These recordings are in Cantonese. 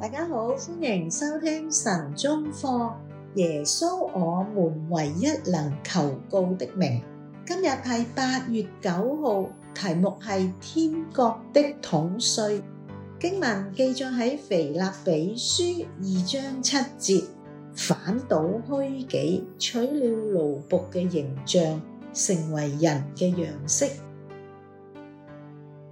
大家好，歡迎收聽晨鐘課，耶穌我們唯一能求告的名。今日係八月九號，題目係天國的統帥。經文記載喺腓立比書二章七節，反倒虛己，取了奴僕嘅形象，成為人嘅樣式。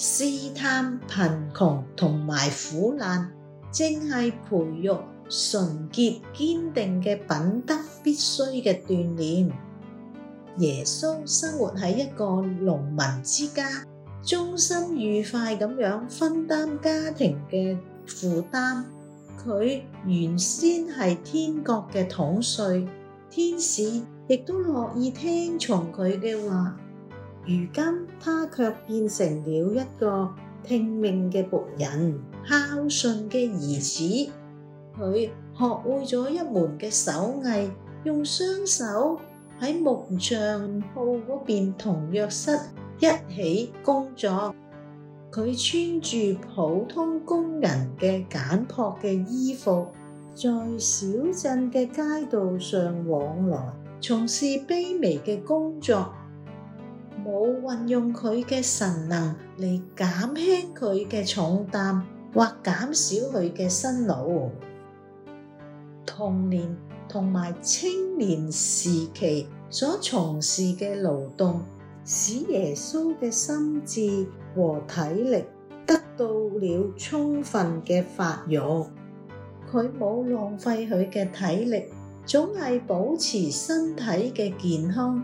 試探貧窮同埋苦難，正係培育純潔堅定嘅品德必須嘅鍛煉。耶穌生活喺一個農民之家，忠心愉快咁樣分擔家庭嘅負擔。佢原先係天國嘅統帥，天使亦都樂意聽從佢嘅話。如今，他卻變成了一個聽命嘅僕人、孝順嘅兒子。佢學會咗一門嘅手藝，用雙手喺木匠鋪嗰邊同若瑟一起工作。佢穿住普通工人嘅簡樸嘅衣服，在小鎮嘅街道上往來，從事卑微嘅工作。冇運用佢嘅神能嚟減輕佢嘅重擔，或減少佢嘅辛勞。童年同埋青年時期所從事嘅勞動，使耶穌嘅心智和體力得到了充分嘅發育。佢冇浪費佢嘅體力，總係保持身體嘅健康。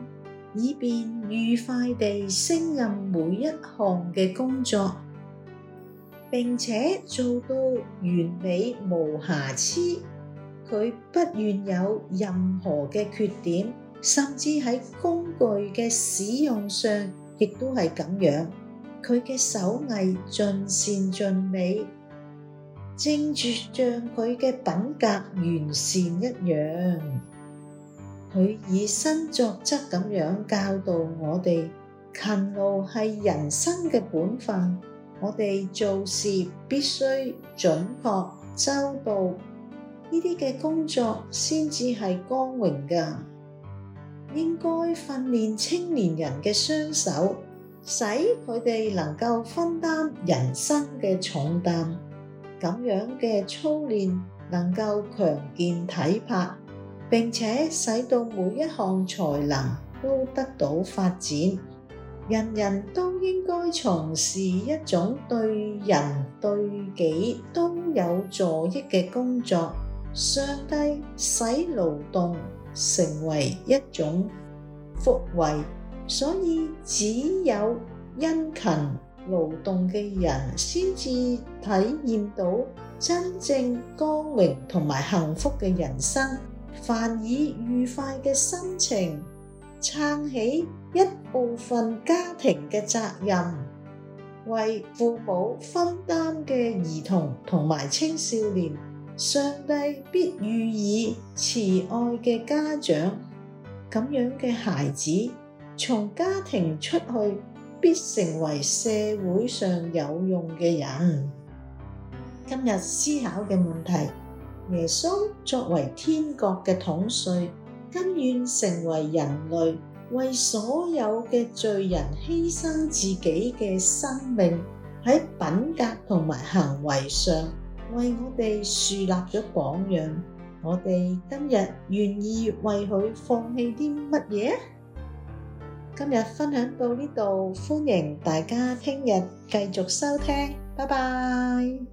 以便愉快地勝任每一項嘅工作，並且做到完美無瑕疵。佢不願有任何嘅缺點，甚至喺工具嘅使用上亦都係咁樣。佢嘅手藝盡善盡美，正住像佢嘅品格完善一樣。佢以身作則咁樣教導我哋，勤勞係人生嘅本分，我哋做事必須準確周到，呢啲嘅工作先至係光榮㗎。應該訓練青年人嘅雙手，使佢哋能夠分擔人生嘅重擔。咁樣嘅操練能夠強健體魄。並且使到每一項才能都得到發展，人人都應該從事一種對人對己都有助益嘅工作。上帝使勞動成為一種福惠，所以只有殷勤勞動嘅人先至體驗到真正光榮同埋幸福嘅人生。凡以愉快嘅心情撐起一部分家庭嘅責任，為父母分擔嘅兒童同埋青少年，上帝必予以慈愛嘅家長，咁樣嘅孩子從家庭出去，必成為社會上有用嘅人。今日思考嘅問題。耶穌作為天國嘅統帥，甘願成為人類，為所有嘅罪人犧牲自己嘅生命，喺品格同埋行為上為我哋樹立咗榜樣。我哋今日願意為佢放棄啲乜嘢？今日分享到呢度，歡迎大家聽日繼續收聽，拜拜。